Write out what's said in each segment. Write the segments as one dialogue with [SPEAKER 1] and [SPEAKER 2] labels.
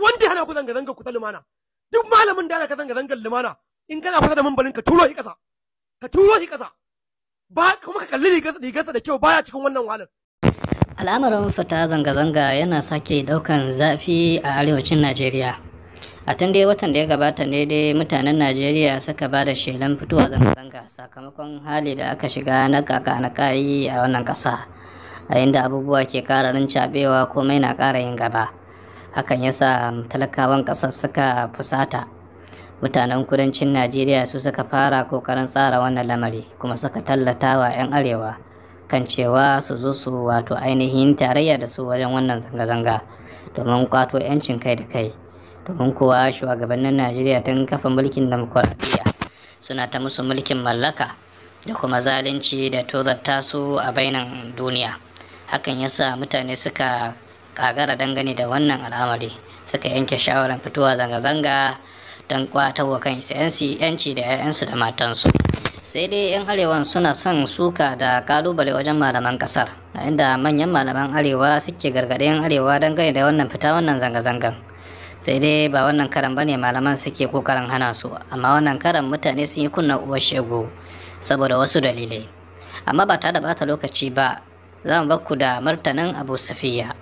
[SPEAKER 1] wanda yana ku zanga zanga ku ta lumana duk malamin da yana ka zanga zangar lumana in kana kusa da mambalin ka turo shi kasa ka turo shi kasa ba kuma ka kalli rigarsa da kyau baya cikin wannan wahalar
[SPEAKER 2] al'amarin fita zanga-zanga yana sake daukan zafi a arewacin najeriya a tun dai watan da ya gabata ne dai mutanen najeriya suka ba da shelan fitowa zanga-zanga sakamakon hali da aka shiga na kaka na kayi a wannan kasa a inda abubuwa ke kararin cabewa komai na kara yin gaba hakan yasa talakawan ƙasa suka fusata mutanen kudancin najeriya su suka fara kokarin tsara wannan lamari kuma suka tallata wa 'yan arewa kan cewa su zo su wato ainihin tarayya da su wajen wannan zanga-zanga domin kwato 'yancin kai da kai domin kuwa shugabannin najeriya tun kafa mulkin demokuraɗiyya suna ta musu mulkin mallaka da kuma zalunci da tozarta su a bainan duniya hakan yasa mutane suka kagara dangane da wannan al'amari suka yanke shawarar fitowa zanga-zanga don wa kan yanci da 'ya'yansu da matansu sai dai 'yan arewa suna son suka da kalubale wajen malaman kasar inda manyan malaman arewa suke gargaɗe 'yan arewa dangane da wannan fita wannan zanga-zangan sai dai ba wannan karan bane malaman suke kokarin hana su amma wannan karan mutane sun yi kunna uwar shego saboda wasu dalilai amma ba tare da bata lokaci ba za mu bakku da martanin abu safiya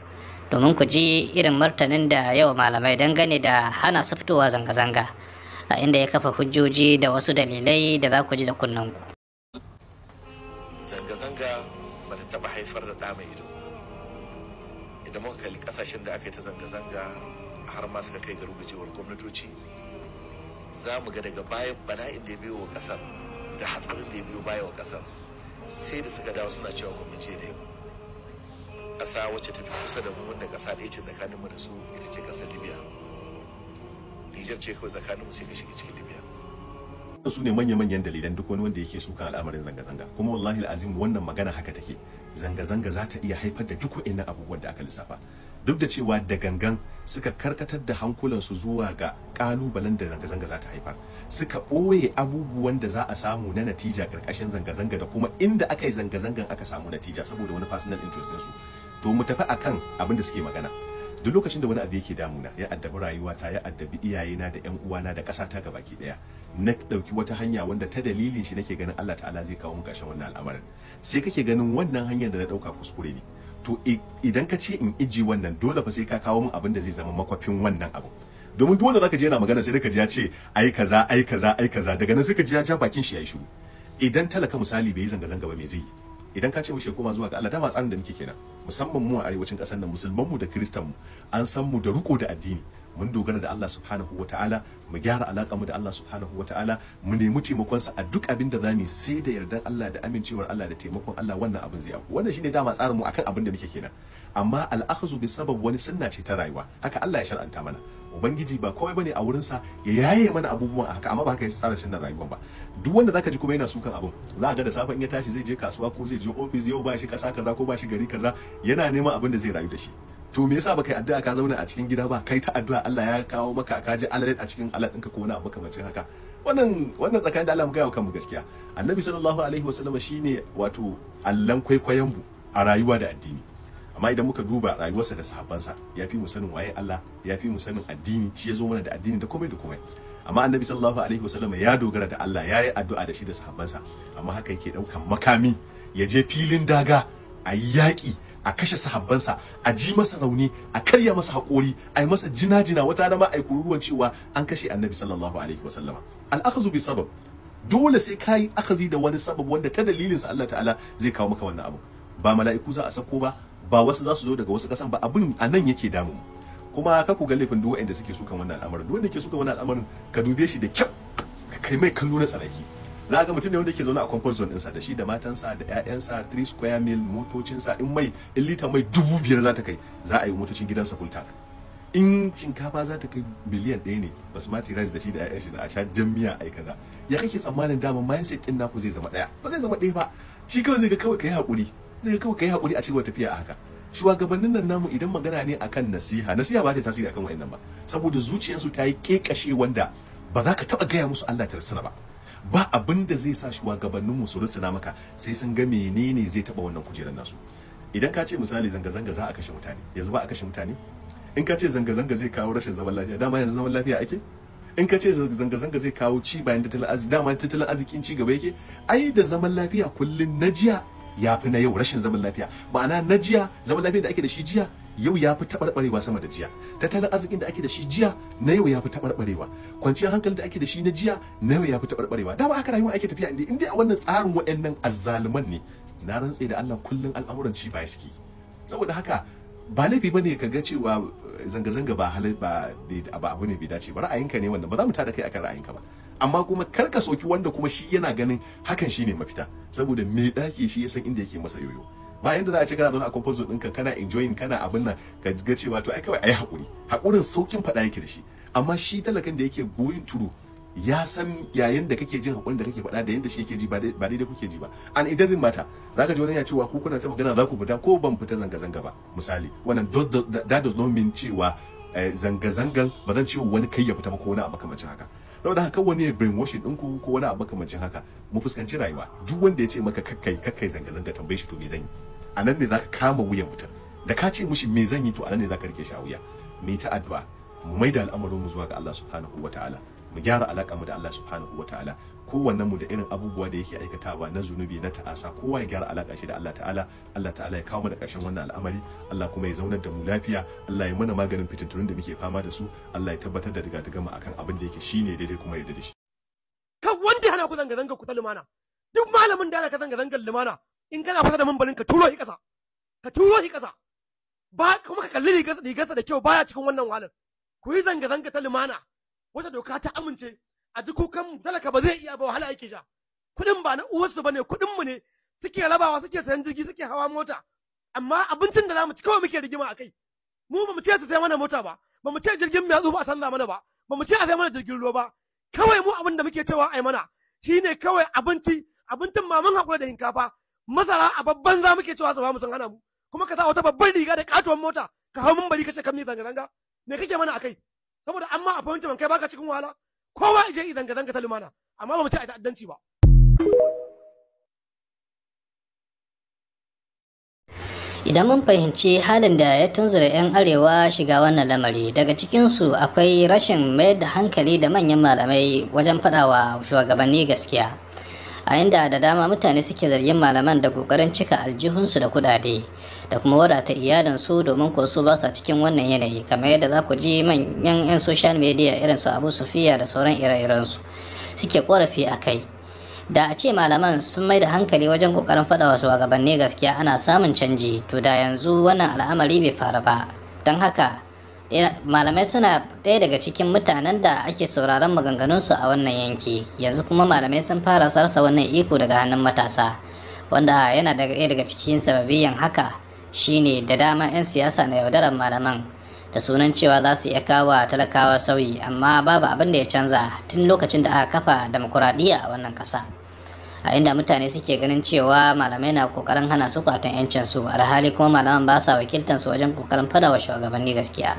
[SPEAKER 2] domin ku ji irin martanin da yawa malamai dangane da hana su fitowa zanga-zanga a inda ya kafa hujjoji da wasu dalilai da za ku ji da kunnanku.
[SPEAKER 3] Zanga-zanga ba ta taɓa haifar da ɗa mai ido. Idan muka kalli ƙasashen da aka yi ta zanga-zanga har ma suka kai ga gwamnatoci, za mu ga daga bayan bala'in da ya biyo wa ƙasar da hatsarin da ya biyo baya wa ƙasar sai da suka dawo suna cewa gwamnati da yau. ƙasa wacce ta fi kusa da mu wanda ƙasa ɗaya ce mu da su ita ce ƙasar libya nijar ce kawai mu sai ka shiga cikin libya su ne manya-manyan dalilan duk wani wanda yake suka al'amarin zanga-zanga kuma wallahi azim wannan magana haka take zanga-zanga za ta iya haifar da duk wa'annan abubuwan da aka lissafa duk da cewa da gangan suka karkatar da hankulansu zuwa ga kalubalen da zanga-zanga za ta haifar suka ɓoye abubuwan da za a samu na natija ƙarƙashin zanga-zanga da kuma inda aka yi zanga-zangan aka samu natija saboda wani personal interest su to mu tafi akan abin da suke magana duk lokacin da wani abu yake damuna ya addabi rayuwata ya addabi iyayena da yan uwana da ƙasa ta gabaki daya na ɗauki wata hanya wanda ta dalilin shi nake ganin Allah ta'ala zai kawo mu ƙarshen wannan al'amarin sai kake ganin wannan hanyar da na ɗauka kuskure ne to idan ka ce in iji wannan dole fa sai ka kawo mun abin da zai zama makwafin wannan abu domin duk wanda zaka je yana magana sai ka ji ya ce ai kaza ai kaza ai kaza daga nan sai ka ji ya ja bakin shi ya yi shiru idan talaka misali bai zanga-zanga ba me zai idan ka ce mu koma zuwa ga Allah da tsarin da muke kenan musamman mu a arewacin ƙasar nan musulman mu da kristan mu an san mu da riko da addini mun dogara da Allah subhanahu wa ta'ala mu gyara alaƙa mu da Allah subhanahu wa ta'ala mu nemi taimakon sa a duk abin da zamu sai da yardan Allah da amincewar Allah da taimakon Allah wannan abin zai auku wannan shine dama tsarin mu akan abin da muke kenan amma al'akhazu bi sabab wani sunna ce ta rayuwa haka Allah ya shar'anta mana ubangiji ba kawai bane a wurinsa ya yaye mana abubuwan a haka amma ba haka ya tsara sunan rayuwa ba duk wanda zaka ji kuma yana sukan abun za a ga da safe in ya tashi zai je kasuwa ko zai je office yau ba shi kasa kaza ko ba shi gari kaza yana neman abin da zai rayu da shi to me yasa baka yi addu'a ka zauna a cikin gida ba kai ta addu'a Allah ya kawo maka ka ji alalai a cikin alal ɗinka ko wani abu makamancin haka wannan wannan tsakanin da Allah mu gaya kanmu gaskiya annabi sallallahu alaihi wasallam shine wato allan kwaikwayon mu a rayuwa da addini amma idan muka duba rayuwarsa da sahabbansa ya fi mu sanin waye Allah ya fi mu sanin addini shi ya zo mana da addini da komai da komai amma annabi sallallahu alaihi wasallam ya dogara da Allah ya yi addu'a da shi da sahabbansa amma haka yake daukan makami ya je filin daga a yaƙi a kashe sahabbansa a ji masa rauni a karya masa haƙori a yi masa jina-jina wata rana ma a yi kururuwan cewa an kashe annabi sallallahu alaihi wasallama al'akazu bi sabab dole sai kayi akazi da wani sabab wanda ta dalilin Allah ta'ala zai kawo maka wannan abu ba mala'iku za a sako ba ba wasu za su zo daga wasu ƙasan, ba abin a nan yake damu kuma ka ku ga laifin duk waɗanda suke sukan wannan al'amarin duk wanda ke sukan wannan al'amarin ka dube shi da kyau kai mai kallo na tsaraki za ga mutum ne wanda yake zaune a comfort zone ɗinsa da shi da matansa da 'ya'yansa 3 square mil motocinsa in mai in lita mai dubu biyar za ta kai za a yi motocin gidansa full tank in shinkafa za ta kai miliyan ɗaya ne basmati rice da shi da 'ya'yan shi za a sha jan a yi kaza ya kake tsammanin damar dama mindset ɗin naku zai zama ɗaya ba zai zama ɗaya ba shi kawai zai ga kawai kai haƙuri zai ga kawai kai haƙuri a cikin tafiya a haka shugabannin nan namu idan magana ne akan nasiha nasiha ba ta tasiri akan wayannan ba saboda zuciyarsu ta yi kekashe wanda ba za ka taɓa gaya musu Allah ta rasuna ba ba abin da zai sa shugabanninmu su rusuna maka sai sun ga menene zai taba wannan kujerar nasu idan ka ce misali zanga-zanga za a kashe mutane yanzu ba a kashe mutane in ka ce zanga-zanga zai kawo rashin zaman lafiya dama yanzu zaman lafiya ake in ka ce zanga-zanga zai kawo ci bayan tattalin arziki dama tattalin arzikin ci gaba yake ai da zaman lafiya kullun na jiya ya fi na yau rashin zaman lafiya ma'ana na jiya zaman lafiya da ake da shi jiya yau ya fi taɓarɓarewa sama da jiya tattalin arzikin da ake da shi jiya na yau ya fi taɓarɓarewa kwanciyar hankalin da ake da shi na jiya na yau ya fi taɓarɓarewa dama haka rayuwa ake tafiya inda inda a wannan tsarin waɗannan azzaluman ne na rantse da Allah kullun al'amuran ci ba suke saboda haka ba laifi bane ka ga cewa eh, zanga-zanga ba halai ba ba abu ne bai dace ba ra'ayinka ne wannan ba za mu tada kai akan ra'ayinka ba amma kuma kar ka soki wanda kuma shi yana ganin hakan shine mafita saboda me dake shi ya san inda yake masa yoyo bayan da za a ce kana zaune a comfort zone ɗinka kana enjoying kana abin nan ka ga cewa to ai kawai ai hakuri hakurin saukin faɗa yake da shi amma shi talakan da yake going turu ya san yayin da kake jin hakurin da kake faɗa da yanda shi yake ji ba daidai kuke ji ba and it doesn't matter ka ji wani ya cewa ku kuna ta magana za ku fita ko ban fita zanga zanga ba misali wannan that does not mean cewa eh, zanga zangan ba zan ce wani kai ya fita ba ko wani abu kamar haka saboda haka wani ya brainwashing ɗinku ko wani abu makamancin haka mu fuskanci rayuwa duk wanda ya ce maka kakkai kakkai zanga zanga tambaye shi to me zan yi a nan ne ka kama wuyan mutum da ka ce mushi me zan yi to a nan ne ka rike shi a wuya mu ta addu'a mu maida al'amarin mu zuwa ga Allah subhanahu wataala mu gyara alaƙa mu da Allah subhanahu wataala kowanne mu da irin abubuwa da yake aikata ba na zunubi na ta'asa kowa ya gyara alaka shi da Allah ta'ala Allah ta'ala ya kawo mu da ƙarshen wannan al'amari Allah kuma ya zaunar da mu lafiya Allah ya mana maganin fitintunin da muke fama da su Allah ya tabbatar da rigadagan mu akan abin da yake shine daidai kuma yadda da shi ka
[SPEAKER 1] wanda hana ku zanga zanga ku ta lumana duk malamin da ana ka zanga zangar lumana in kana fasa da mambalin ka turo shi ƙasa ka turo shi ƙasa ba kuma ka kalli rigarsa da kyau baya cikin wannan wahalar ku yi zanga zanga ta lumana wata doka ta amince a duk kukan talaka ba zai iya ba wahala yake sha kuɗin ba na uwarsu ba ne mu ne suke rabawa suke sayan jirgi suke hawa mota amma abincin da zamu ci kawai muke rigima a kai mu ba mu ce su sai mana mota ba ba mu ce jirgin mu ya zo ba a sanna mana ba ba mu ce a sai mana jirgin ruwa ba kawai mu abin da muke cewa ai mana shine kawai abinci abincin maman hakura da hinkafa masara a babban za muke cewa su ba mu san hana mu kuma ka sa wata babban riga da katuwar mota ka hau mun bari ka ce kan zanga zanga me kake mana akai saboda amma a fahimci man kai baka cikin wahala kowa ya je yi zanga-zanga ta lumana amma ba mu ci a ta'addanci ba
[SPEAKER 2] idan mun fahimci halin da ya tunzura 'yan arewa shiga wannan lamari daga cikinsu akwai rashin mayar da hankali da manyan malamai wajen faɗawa shugabanni gaskiya a inda da dama mutane suke zargin malaman da kokarin cika aljihunsu da kudade da kuma wadata su domin ko su ba cikin wannan yanayi kamar yadda za ku ji manyan 'yan social media irin su abu sufiya da sauran ire iren su suke korafi a kai da a ce malaman sun mai da hankali wajen kokarin faɗa wasu gabanni gaskiya ana samun canji to da yanzu wannan al'amari bai faru ba don haka Eh, malamai suna ɗaya daga cikin mutanen da ake sauraron maganganunsu a wannan yanki yanzu kuma malamai sun fara sarsa wannan iko daga hannun matasa wanda yana daga ɗaya daga cikin sababiyan haka shine da dama 'yan siyasa na yaudarar malaman da sunan cewa za su iya kawo talakawa sauyi amma babu abin da ya canza tun lokacin da aka kafa demokuraɗiyya a wannan ƙasa a inda mutane suke ganin cewa malamai na kokarin hana su kwatan 'yancinsu alhali kuma malaman ba sa wakiltansu wajen kokarin fada shugabanni gaskiya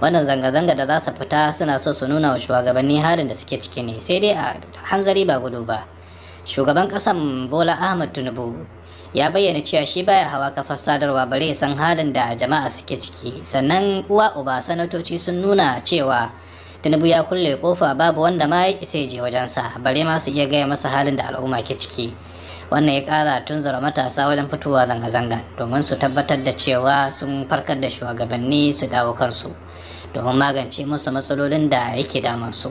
[SPEAKER 2] wannan zanga-zanga da za su fita suna so su nuna wa shugabanni halin da suke ciki ne sai dai a hanzari ba gudu ba shugaban kasan bola ahmad tinubu ya bayyana cewa shi baya hawa kafar sadarwa bare san halin da jama'a suke ciki sannan uwa uba sanatoci sun nuna cewa tinubu ya kulle kofa babu wanda ma ya isa je wajensa bare ma su iya gaya masa halin da al'umma ke ciki wannan ya kara tunzura matasa wajen fitowa zanga-zanga domin su tabbatar da cewa sun farkar da shugabanni su dawo kansu domin magance musu matsalolin da yake damar su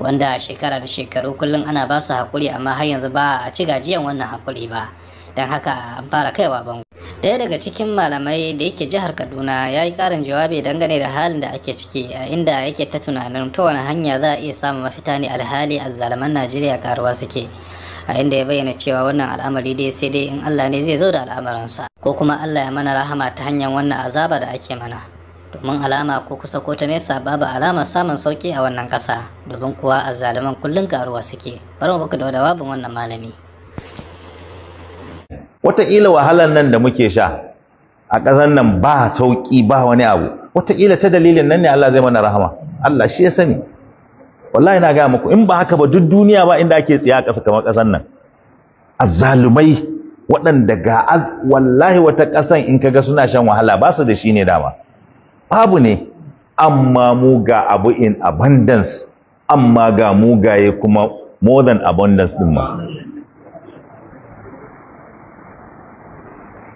[SPEAKER 2] wanda shekara da shekaru kullum ana ba su haƙuri amma har yanzu ba a ci gajiyan wannan haƙuri ba don haka an fara kaiwa bango Daya daga cikin malamai da yake jihar kaduna ya yi ƙarin jawabi dangane da halin da ake ciki a inda yake ta tunanin ta wani hanya za a iya samun mafita ne alhali a zalaman najeriya karuwa suke a inda ya bayyana cewa wannan al'amari dai sai dai in allah ne zai zo da al'amarinsa ko kuma allah ya mana rahama ta hanyar wannan azaba da ake mana domin alama ko kusa ko ta nesa babu alamar samun sauki a wannan kasa domin kuwa a azzaluman kullum karuwa suke bari mu baka da jawabin wannan malami
[SPEAKER 4] wataƙila wahalar nan da muke sha a ƙasar nan ba sauƙi ba wani abu wataƙila ta dalilin nan ne Allah zai mana rahama Allah shi ya sani wallahi na gaya muku in ba haka ba duk duniya ba inda ake tsiya ƙasa kamar ƙasar nan azzalumai waɗanda ga az wallahi wata ƙasan in kaga suna shan wahala ba su da shi ne dama babu ne amma mu ga abu in abundance amma ga mugaye kuma more than abundance din ma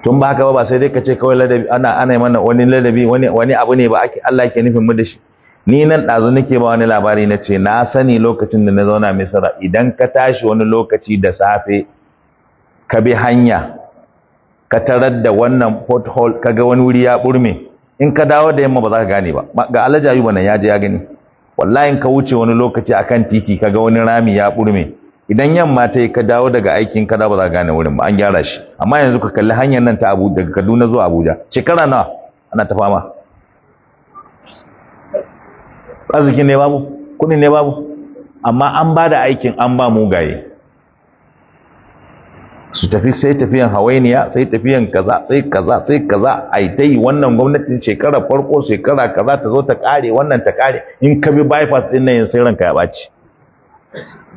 [SPEAKER 4] tun ba haka ba sai dai ka ce kawai ladabi ana ana mana wani ladabi wani abu ne ba ake Allah ke nufin mu da shi ni nan ɗazu nake ba wani labari na ce na sani lokacin da na zauna Misra idan ka tashi wani lokaci da safe ka bi hanya ka tarar da wannan pothole kaga wani wuri ya burme in ka dawo da yamma ba za ka gane ba ga alhaji ayuba nan ya je ya gani wallahi in ka wuce wani lokaci akan titi ka ga wani rami ya burme idan yamma ta yi ka dawo daga aikin ka dawo ba za ka gane wurin ba an gyara shi amma yanzu ka kalli hanyar nan ta Abuja daga Kaduna zuwa Abuja shekara nawa ana ta fama arziki ne babu kuɗi ne babu amma an ba da aikin an ba mugaye su tafi sai tafiyan hawainiya sai tafiyan kaza sai kaza sai kaza ai dai, wannan gwamnatin shekara farko shekara kaza ta zo ta kare wannan ta kare in ka bi bypass din nan sai ranka ya baci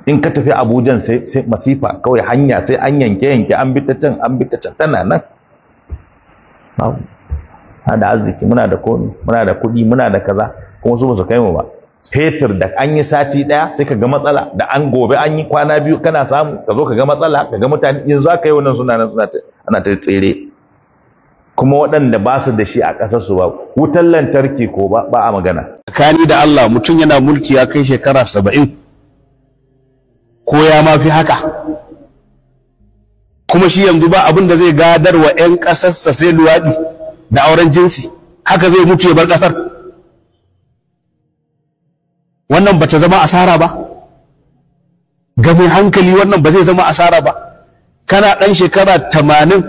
[SPEAKER 4] in ka tafi Abuja sai sai masifa kawai hanya sai an yanke yanke an bi ta can an bi ta can tana nan muna da arziki muna da komi muna da kuɗi muna da kaza kuma su ba su kai mu ba fetur da an yi sati ɗaya sai ka ga matsala da an gobe an yi kwana biyu kana samu ka zo ka ga matsala ka ga mutane yanzu za ka yi wannan suna nan suna ana ta tsere kuma waɗanda ba su da shi a ƙasar su ba wutar lantarki ko ba a magana
[SPEAKER 5] tsakani da Allah mutum yana mulki ya kai shekara saba'in ko ya ma fi haka kuma shi yanzu ba abin da zai gadarwa 'yan ƙasarsa sai luwaɗi da auren jinsi haka zai mutu ya bar ƙasar wannan ba ta zama asara ba ga mai hankali wannan ba zai zama asara ba kana ɗan shekara tamanin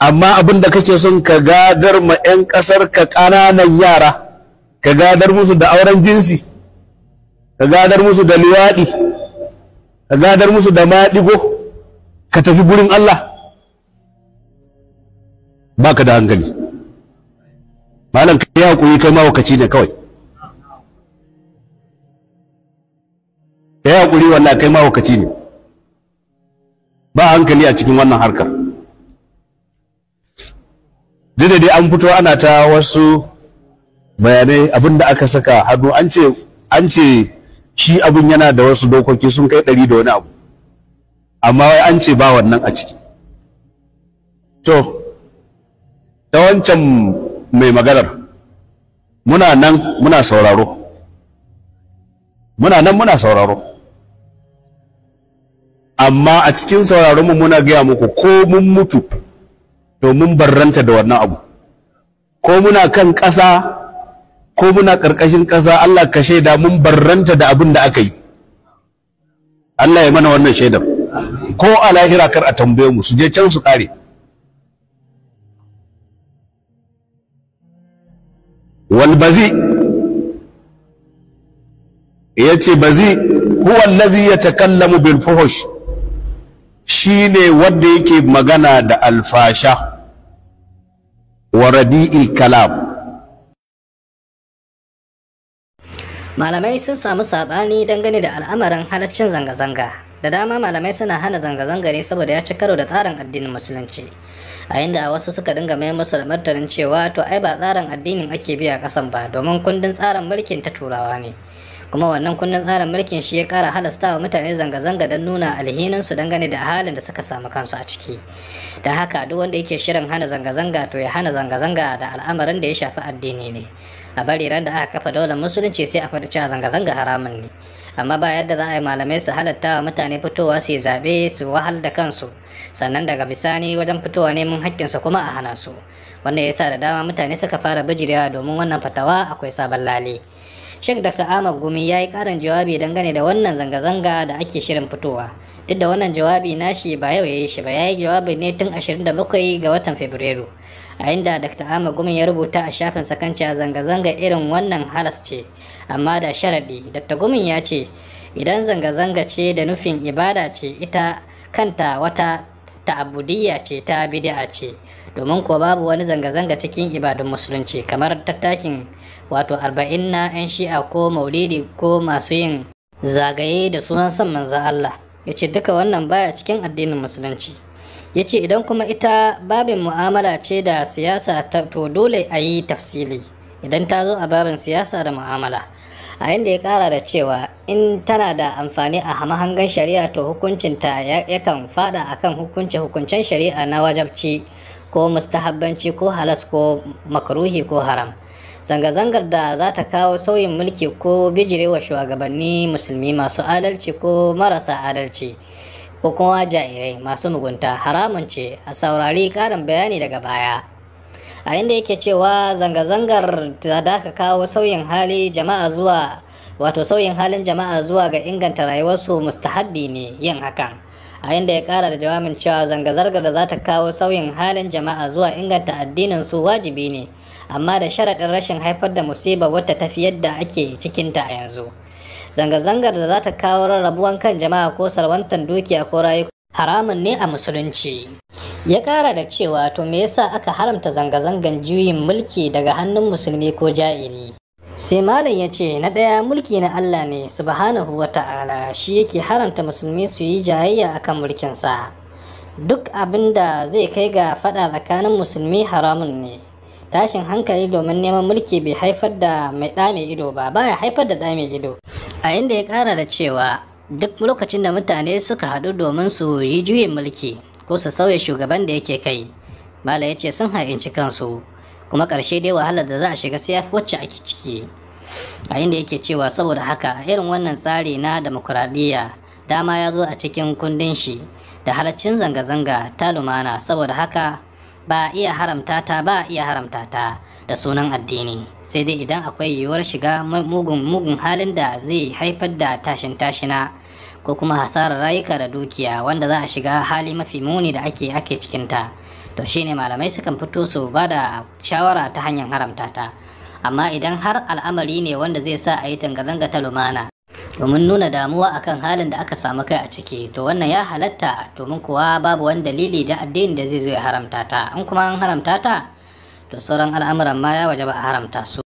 [SPEAKER 5] amma abin da kake son ka gadar ma 'yan ƙasar ka ƙananan yara ka gadar musu da auren jinsi ka gadar musu da luwaɗi, ka gadar musu da maɗigo ka tafi gurin Allah ba ka da hankali malam ka yi haƙuri kai mawakaci ne kawai ka yi haƙuri wallahi kai mahaukaci ne ba hankali a cikin wannan harkar duk dai an fito ana ta wasu bayanai abin da aka saka hannu an ce shi abin yana da wasu dokoki sun kai ɗari da wani abu amma wai an ce ba wannan a ciki to ta wancan mai maganar muna nan muna sauraro muna nan muna sauraro amma a cikin sauraron mu muna gaya muku ko mun mutu to mun barranta da wannan abu ko muna kan ƙasa ko muna ƙarƙashin ƙasa Allah ka shaida mun barranta da abin da aka yi Allah ya mana wannan shaidar ko a lahira kar a tambaye mu su je can su ƙare walbazi ya ce ba zai huwa lazi ya takallamu bil fuhush shi ne wanda yake magana da alfasha wa radi'il kalam
[SPEAKER 2] malamai sun samu saɓani dangane da al'amarin halaccin zanga-zanga da dama malamai suna hana zanga-zanga ne saboda ya ci karo da tsarin addinin musulunci a inda wasu suka dinga mai musu da martanin cewa to ai ba tsarin addinin ake biya kasan ba domin kundin tsarin mulkin ta turawa ne kuma wannan kunnen tsarin mulkin shi ya kara halasta wa mutane zanga-zanga don nuna alhinin su dangane da halin da suka samu kansu a ciki da haka duk wanda yake shirin hana zanga-zanga to ya hana zanga-zanga da al'amarin da ya shafi addini ne a bari ran da aka kafa daular musulunci sai a faɗi cewa zanga-zanga haramun ne amma ba yadda za a yi malamai su halatta wa mutane fitowa su yi zaɓe su wahal da kansu sannan daga bisani wajen fitowa neman hakkin haƙƙinsu kuma a hana su Wannan ya sa da dama mutane suka fara bijirewa domin wannan fatawa akwai sabon lale Sheikh Dr. Ahmad Gumi ya yi ƙarin jawabi dangane da wannan zanga-zanga da ake shirin fitowa. Duk da wannan jawabi nashi ba yau ya yi shi ba ya yi jawabi ne tun 27 ga watan Fabrairu. A inda Dr. Ahmad Gumi ya rubuta a shafin sakanci zanga-zanga irin wannan halas ce, amma da sharaɗi. Dr. Gumi ya ce, idan zanga-zanga ce da nufin ibada ce ita kanta wata ta'abudiyya ce ta bid'a ce domin ko babu wani zanga-zanga cikin ibadun musulunci kamar tattakin wato arba'in na 'yan shi'a ko maulidi ko masu yin zagaye da sunan son manza Allah ya ce duka wannan baya cikin addinin musulunci ya ce idan kuma ita babin mu'amala ce da siyasa to dole a yi tafsili idan ta zo a babin siyasa da mu'amala a inda ya kara da cewa in tana da amfani a mahangan shari'a to hukuncinta yakan fada akan hukunce hukuncen shari'a na wajabci ko mustahabbanci ko halas ko makruhi ko haram zanga-zangar da za ta kawo sauyin mulki ko bijirewa shugabanni musulmi masu adalci ko marasa adalci ko kuma jairai masu mugunta haramun ce a saurari karin bayani daga baya a inda yake cewa zanga-zangar ta daka kawo sauyin hali jama'a zuwa wato sauyin halin jama'a zuwa ga inganta rayuwarsu mustahabbi ne yin hakan a inda ya kara da jawabin cewa zanga-zangar da za ta kawo sauyin halin jama'a zuwa inganta addinin su wajibi ne amma da sharaɗin rashin haifar da musiba wata tafi yadda ake cikinta a yanzu zanga-zangar da za ta kawo rarrabuwan kan jama'a ko salwantar dukiya ko rayuka haramun ne a musulunci ya kara da cewa to me yasa aka haramta zanga-zangan juyin mulki daga hannun musulmi ko ja'iri sai malam ya ce na ɗaya mulki na allah ne subhanahu wa ta'ala shi yake haramta musulmi su yi jayayya akan mulkinsa duk abin da zai kai ga faɗa tsakanin musulmi haramun ne tashin hankali domin neman mulki bai haifar da mai ɗa ido ba baya haifar da ɗa ido a inda ya ƙara da cewa duk lokacin da mutane suka haɗu domin su yi juyin mulki ko su sauya shugaban da yake kai mala ya ce sun ha'inci kansu kuma ƙarshe dai wahalar da za a shiga sai wacce ake ciki a inda yake cewa saboda haka irin wannan tsari na demokuraɗiyya dama ya zo a cikin kundin shi da halaccin zanga-zanga ta lumana saboda haka ba a iya haramta ta ba a iya haramta ta da sunan addini sai dai idan akwai yiwuwar shiga mugun mugun halin da zai haifar da tashin tashina ko kuma hasarar rayuka da dukiya wanda za a shiga hali mafi muni da ake ake cikinta to shine malamai sukan fito su ba da shawara ta hanyar haramta ta amma idan har al'amari ne wanda zai sa a yi zanga-zanga ta lumana domin nuna damuwa akan halin da aka samu kai a ciki to wannan ya halatta to mun kuwa babu wani dalili da addini da zai zo ya haramta ta in kuma an haramta ta to sauran al'amuran ma ya waje ba a haramta su